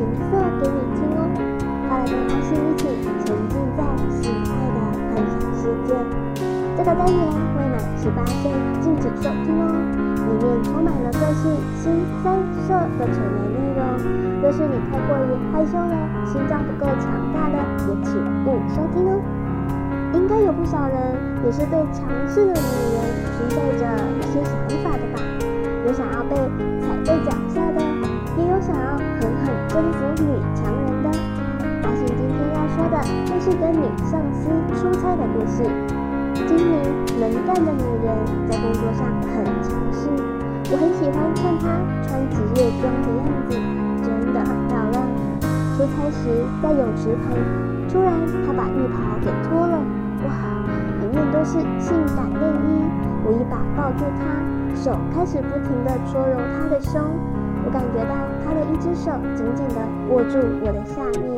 情色給你聽哦，快來跟阿星一起沉浸在性愛的幻想世界。這個單元未滿十八歲禁止收聽哦，裡面充滿了各式新三色的成人內容。若是你太過於害羞了，哦，心臟不夠強大的也請勿收聽哦。應該有不少人也是對強勢的女人存在着一些想法的吧？有想要被踩在腳下的？也有想要狠狠征服女強人的，發現今天要說的，就是跟女上司出差的故事。精明能幹的女人在工作上很強勢，我很喜歡看她穿職業裝的樣子，真的很漂亮。出差時在泳池旁，突然她把浴袍給脫了，哇，裡面都是性感內衣，我一把抱住她，手開始不停地搓揉她的胸。我感覺到他的一隻手緊緊地握住我的下面。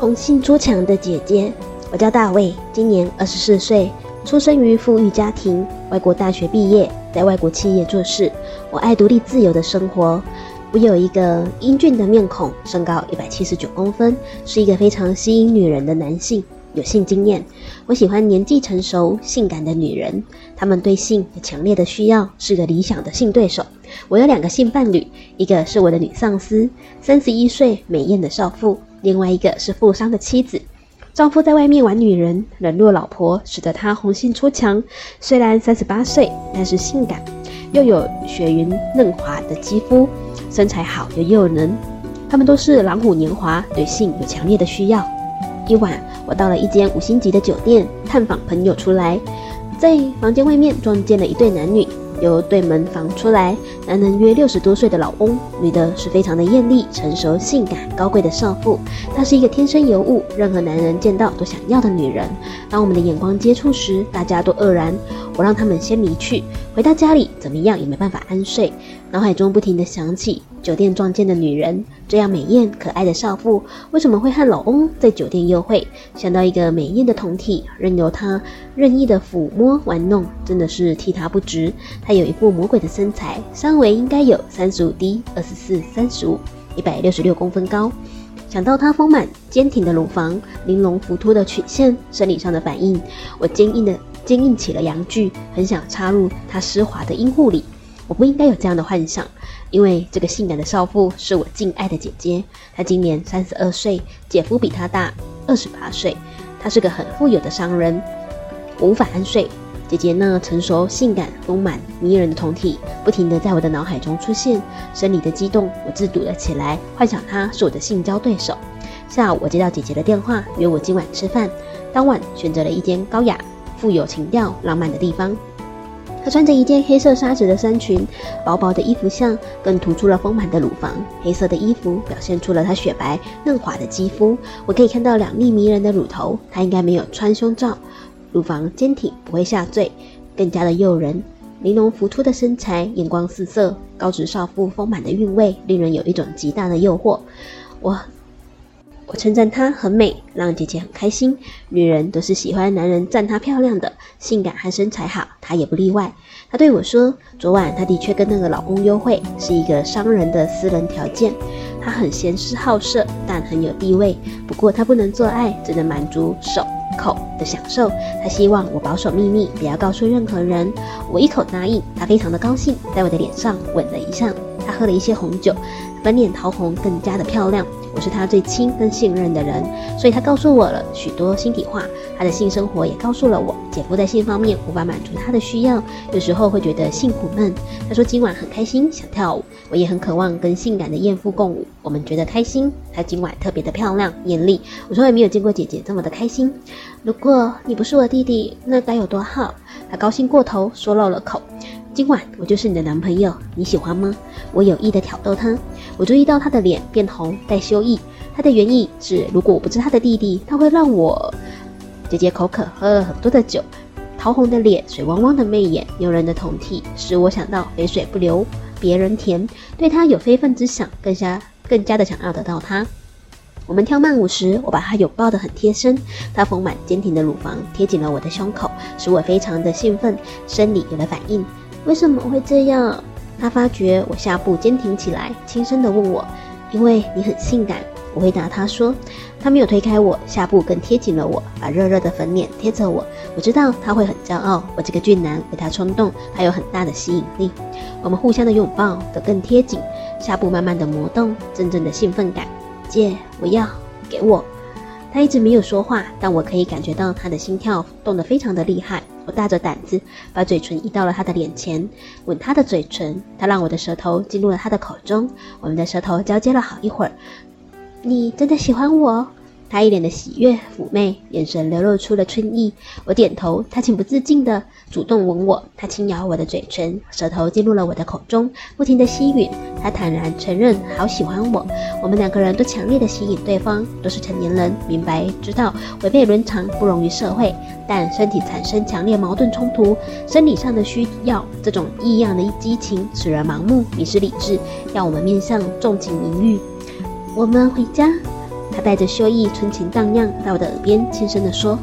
紅杏出牆的姐姐，我叫大衛，今年二十四歲，出生於富裕家庭，外國大學畢業，在外國企業做事。我愛獨立自由的生活。我有一個英俊的面孔，身高一百七十九公分，是一個非常吸引女人的男性。有性經驗，我喜歡年紀成熟、性感的女人，她們對性有強烈的需要，是個理想的性對手。我有兩個性伴侶，一個是我的女上司，三十一歲，美艷的少婦；另外一個是富商的妻子，丈夫在外面玩女人，冷落老婆，使得她紅杏出牆。雖然三十八歲，但是性感，又有雪雲嫩滑的肌膚，身材好又誘人。她們都是狼虎年華，對性有強烈的需要。一晚，我到了一間五星級的酒店探訪朋友出來，在房間外面撞見了一對男女，由對門房出來，男人約六十多歲的老翁，女的是非常的艷麗、成熟、性感、高貴的少婦，她是一個天生尤物，任何男人見到都想要的女人。當我們的眼光接觸時，大家都愕然。我讓他們先離去，回到家裡，怎麼樣也沒辦法安睡，腦海中不停的想起酒店撞見的女人，這樣美豔可愛的少婦，為什麼會和老翁在酒店幽會？想到一個美豔的胴體，任由他任意的撫摸玩弄，真的是替他不值。他有一副魔鬼的身材，三圍應該有三十五 D，二十四三十五，一百六十六公分高。想到她豐滿堅挺的乳房，玲瓏浮凸的曲線，生理上的反應，我堅硬的。堅硬起了陽具，很想插入她濕滑的陰戶裡。我不應該有這樣的幻想，因為這個性感的少婦是我敬愛的姐姐。她今年三十二歲，姐夫比她大二十八歲。她是個很富有的商人。我無法安睡，姐姐那成熟、性感、豐滿、迷人的胴體，不停的在我的腦海中出現。生理的激動，我自瀆了起來，幻想她是我的性交對手。下午，我接到姐姐的電話，約我今晚吃飯。當晚，選擇了一間高雅富有情調、浪漫的地方。她穿着一件黑色紗質的衫裙，薄薄的衣服下更突出了豐滿的乳房。黑色的衣服表現出了她雪白嫩滑的肌膚。我可以看到兩粒迷人的乳頭，她應該沒有穿胸罩，乳房堅挺不會下墜，更加的誘人。玲瓏浮凸的身材，眼光四射，高直少婦豐滿的韻味，令人有一種極大的誘惑。我。我稱讚她很美，讓姐姐很開心。女人都是喜歡男人讚她漂亮的，性感和身材好，她也不例外。她對我說，昨晚她的確跟那個老公幽會，是一個商人的私人條件。她很鹹濕好色，但很有地位。不過她不能做愛，只能滿足手口的享受。她希望我保守秘密，不要告訴任何人。我一口答應，她非常的高興，在我的臉上吻了一下。她喝了一些紅酒。滿臉桃紅，更加的漂亮。我是他最親跟信任的人，所以他告訴我了許多心底話。他的性生活也告訴了我，姐夫在性方面無法滿足他的需要，有時候會覺得性苦悶。他說今晚很開心，想跳舞，我也很渴望跟性感的豔婦共舞。我們覺得開心，他今晚特別的漂亮豔麗，我從來沒有見過姐姐這麼的開心。如果你不是我弟弟，那該有多好！他高興過頭，說漏了口。今晚我就是你的男朋友，你喜歡嗎？我有意的挑逗他，我注意到他的臉變紅帶羞意。他的原意是，如果我不是他的弟弟，他會讓我姐姐。口渴，喝了很多的酒，桃紅的臉，水汪汪的媚眼，誘人的胴體，使我想到肥水不流別人田，對他有非分之想，更加更加的想要得到他。我們跳慢舞時，我把他擁抱得很貼身，他豐滿堅挺的乳房貼緊了我的胸口，使我非常的興奮，生理有了反應。為什麼會這樣？他發覺我下部堅挺起來，輕聲的問我：“因為你很性感。”我回答他說：“他沒有推開我，下部更貼緊了我，把熱熱的粉臉貼着我。我知道他會很驕傲，我這個俊男為他衝動，他有很大的吸引力。我們互相的擁抱都更貼緊，下部慢慢的挪動，陣陣的興奮感。姐，我要給我。他一直沒有說話，但我可以感覺到他的心跳動得非常的厲害。”我大着膽子把嘴唇移到了他的臉前，吻他的嘴唇。他讓我的舌頭進入了他的口中，我們的舌頭交接了好一會兒。你真的喜歡我？他一臉的喜悅嫵媚，眼神流露出了春意。我點頭，他情不自禁的主動吻我。他輕咬我的嘴唇，舌頭進入了我的口中，不停的吸吮。他坦然承認，好喜歡我。我們兩個人都強烈的吸引對方，都是成年人，明白知道違背倫常，不容於社會。但身體產生強烈矛盾衝突，生理上的需要，這種異樣的激情使人盲目，迷失理智，要我們面向縱情淫欲。我們回家。她帶着羞意，春情蕩漾，到我的耳邊輕聲地說：“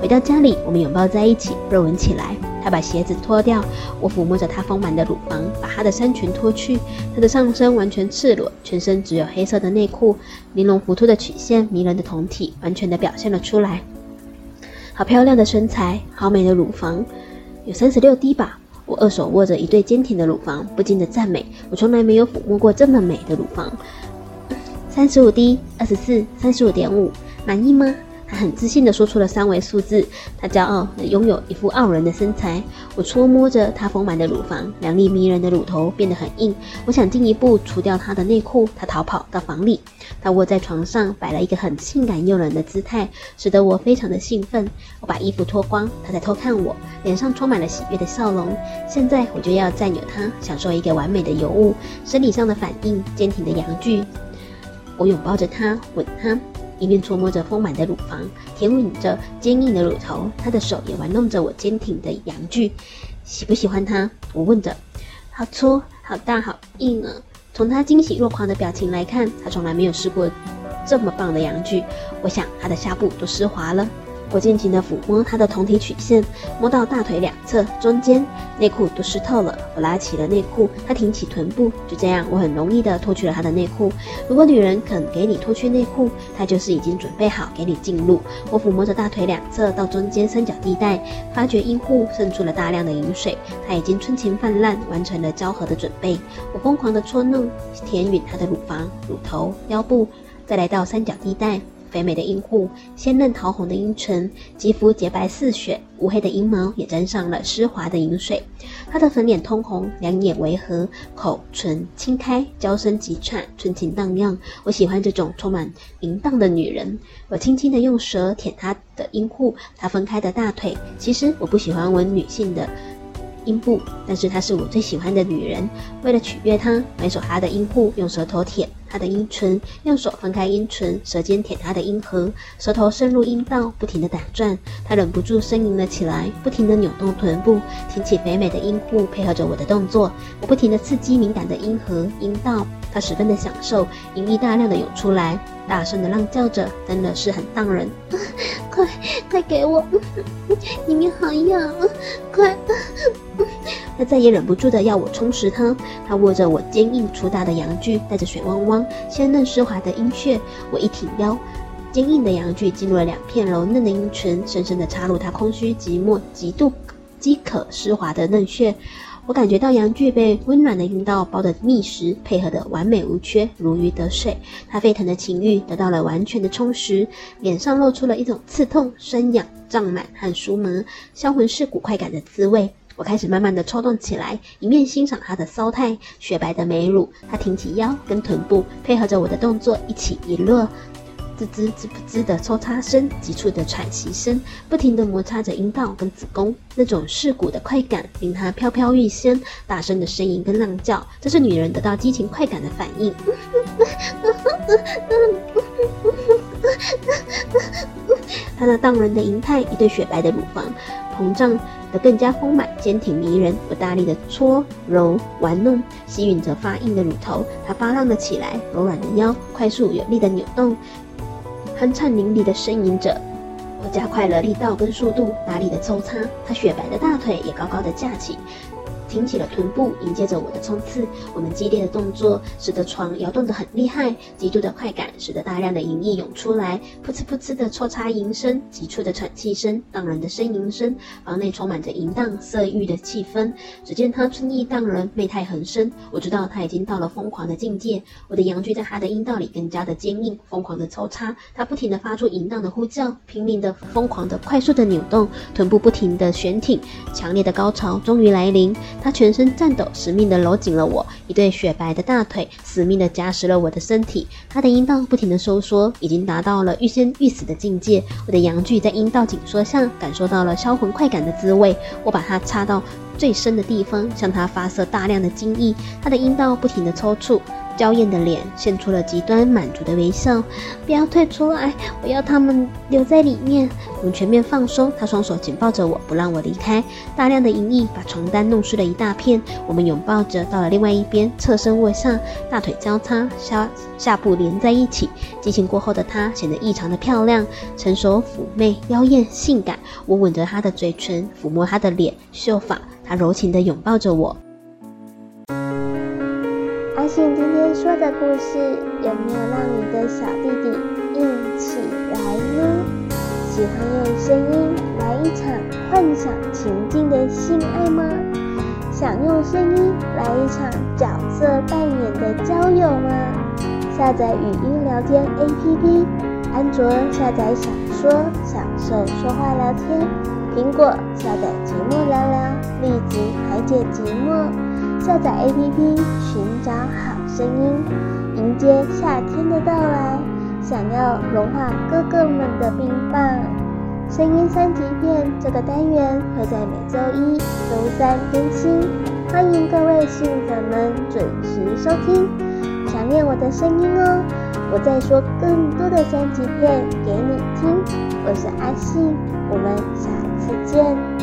回到家裡，我們擁抱在一起，熱吻起來。她把鞋子脫掉，我撫摸着她豐滿的乳房，把她的衫裙脫去，她的上身完全赤裸，全身只有黑色的內褲，玲瓏浮凸的曲線，迷人的胴體，完全的表現了出來。好漂亮的身材，好美的乳房，有三十六 D 吧？我二手握着一對堅挺的乳房，不禁的讚美，我從來沒有撫摸過這麼美的乳房。”三十五 D，二十四，三十五點五，滿意嗎？他很自信地說出了三維數字。他驕傲地擁有一副傲人的身材。我觸摸着她豐滿的乳房，兩粒迷人的乳頭變得很硬。我想進一步除掉她的內褲，她逃跑到房裡。她臥在床上，擺了一個很性感誘人的姿態，使得我非常的興奮。我把衣服脫光，她在偷看我，臉上充滿了喜悅的笑容。現在我就要佔有她，享受一個完美的尤物，生理上的反應，堅挺的陽具。我擁抱着他，吻他，一面觸摸着豐滿的乳房，舔吻着堅硬的乳頭。他的手也玩弄着我堅挺的陽具。喜不喜歡他？我問着。好粗，好大，好硬啊！從他驚喜若狂的表情來看，他從來沒有試過這麼棒的陽具。我想他的下部都濕滑了。我盡情地撫摸她的胴體曲線，摸到大腿兩側、中間，內褲都濕透了。我拉起了內褲，她挺起臀部，就這樣，我很容易地脫去了她的內褲。如果女人肯給你脫去內褲，她就是已經準備好給你進入。我撫摸着大腿兩側到中間三角地帶，發覺陰戶滲出了大量的淫水，她已經春情泛濫，完成了交合的準備。我瘋狂地搓弄、舔吮她的乳房、乳頭、腰部，再來到三角地帶。肥美，美的陰戶，鮮嫩桃紅的陰唇，肌膚潔白似雪，烏黑的陰毛也沾上了濕滑的淫水。她的粉臉通紅，兩眼違和，口唇輕開，嬌聲急喘，春情蕩漾。我喜歡這種充滿淫蕩的女人。我輕輕地用舌舔，舔她的陰戶，她分開的大腿。其實我不喜歡聞女性的陰部，但是她是我最喜歡的女人。為了取悅她，買手哈的陰戶用舌頭舔。她的陰唇，用手分開陰唇，舌尖舔他的陰核，舌頭滲入陰道，不停的打轉，她忍不住呻吟了起來，不停地扭動臀部，挺起肥美的陰戶，配合着我的動作，我不停地刺激敏感的陰核、陰道，她十分的享受，淫液大量的湧出來，大聲的浪叫着，真的是很蕩人，啊、快快給我，裡面好癢，快！啊他再也忍不住的要我充實他，他握着我堅硬粗大的陽具，帶着水汪汪、鮮嫩濕滑的陰穴，我一挺腰，堅硬的陽具進入了兩片柔嫩的陰唇，深深的插入他空虛、寂寞、極度飢渴、濕滑的嫩穴。我感覺到陽具被溫暖的陰道包得密實，配合得完美無缺，如魚得水。他沸騰的情欲得到了完全的充實，臉上露出了一種刺痛、生癢、脹滿和酥麻，銷魂蝕骨快感的滋味。我開始慢慢的抽動起來，一面欣賞她的騷態，雪白的美乳。她挺起腰跟臀部，配合着我的動作一起一落，滋滋滋滋的抽插聲，急促的喘息聲，不停的摩擦着陰道跟子宮，那種蝕骨的快感令她飄飄欲仙，大聲的呻吟跟浪叫，這是女人得到激情快感的反應。她那 蕩人的淫態，一對雪白的乳房。膨脹得更加豐滿、堅挺、迷人，我大力的搓揉、玩弄，吸引着發硬的乳頭，它發浪的起來。柔軟的腰快速有力的扭動，酣暢淋漓的呻吟着。我加快了力道跟速度，大力的抽擦，它雪白的大腿也高高的架起。挺起了臀部，迎接着我的衝刺。我們激烈的動作使得床搖動得很厲害，極度的快感使得大量的淫液湧出來，噗呲噗呲的抽插淫聲，急促的喘氣聲，蕩人的呻吟聲，房內充滿着淫蕩色欲的氣氛。只見她春意蕩人，媚態橫生，我知道她已經到了瘋狂的境界。我的陽具在她的陰道裡更加的堅硬，瘋狂的抽插，她不停的發出淫蕩的呼叫，拼命的瘋狂的快速的扭動，臀部不停的懸挺，強烈的高潮終於來臨。他全身顫抖，死命地摟緊了我，一對雪白的大腿，死命地夾實了我的身體。他的陰道不停地收縮，已經達到了欲仙欲死的境界。我的陽具在陰道緊縮下，感受到了銷魂快感的滋味。我把它插到最深的地方，向他發射大量的精液。他的陰道不停地抽搐。嬌豔的臉，現出了極端滿足的微笑。不要退出來，我要他們留在裡面。我們全面放鬆，她雙手緊抱着我不，不讓我離開。大量的淫液把床單弄濕了一大片。我們擁抱着到了另外一邊，側身臥下，大腿交叉，下下部連在一起。激情過後的她顯得異常的漂亮，成熟、嫵媚、妖豔、性感。我吻着她的嘴唇，撫摸她的臉、秀髮，她柔情的擁抱着我。今天說的故事有沒有讓你的小弟弟硬起來呢？喜歡用聲音來一場幻想情境的性愛嗎？想用聲音來一場角色扮演的交友嗎？下載語音聊天 APP，安卓下載享說，享受說話聊天；蘋果下載寂寞聊聊，立即排解寂寞。下載 APP，尋找好聲音，迎接夏天的到來，想要融化哥哥們的冰棒。聲音三級片這個單元會在每周一、周三更新，歡迎各位性粉們準時收聽。想念我的聲音哦，我再說更多的三級片給你聽。我是阿信，我們下次見。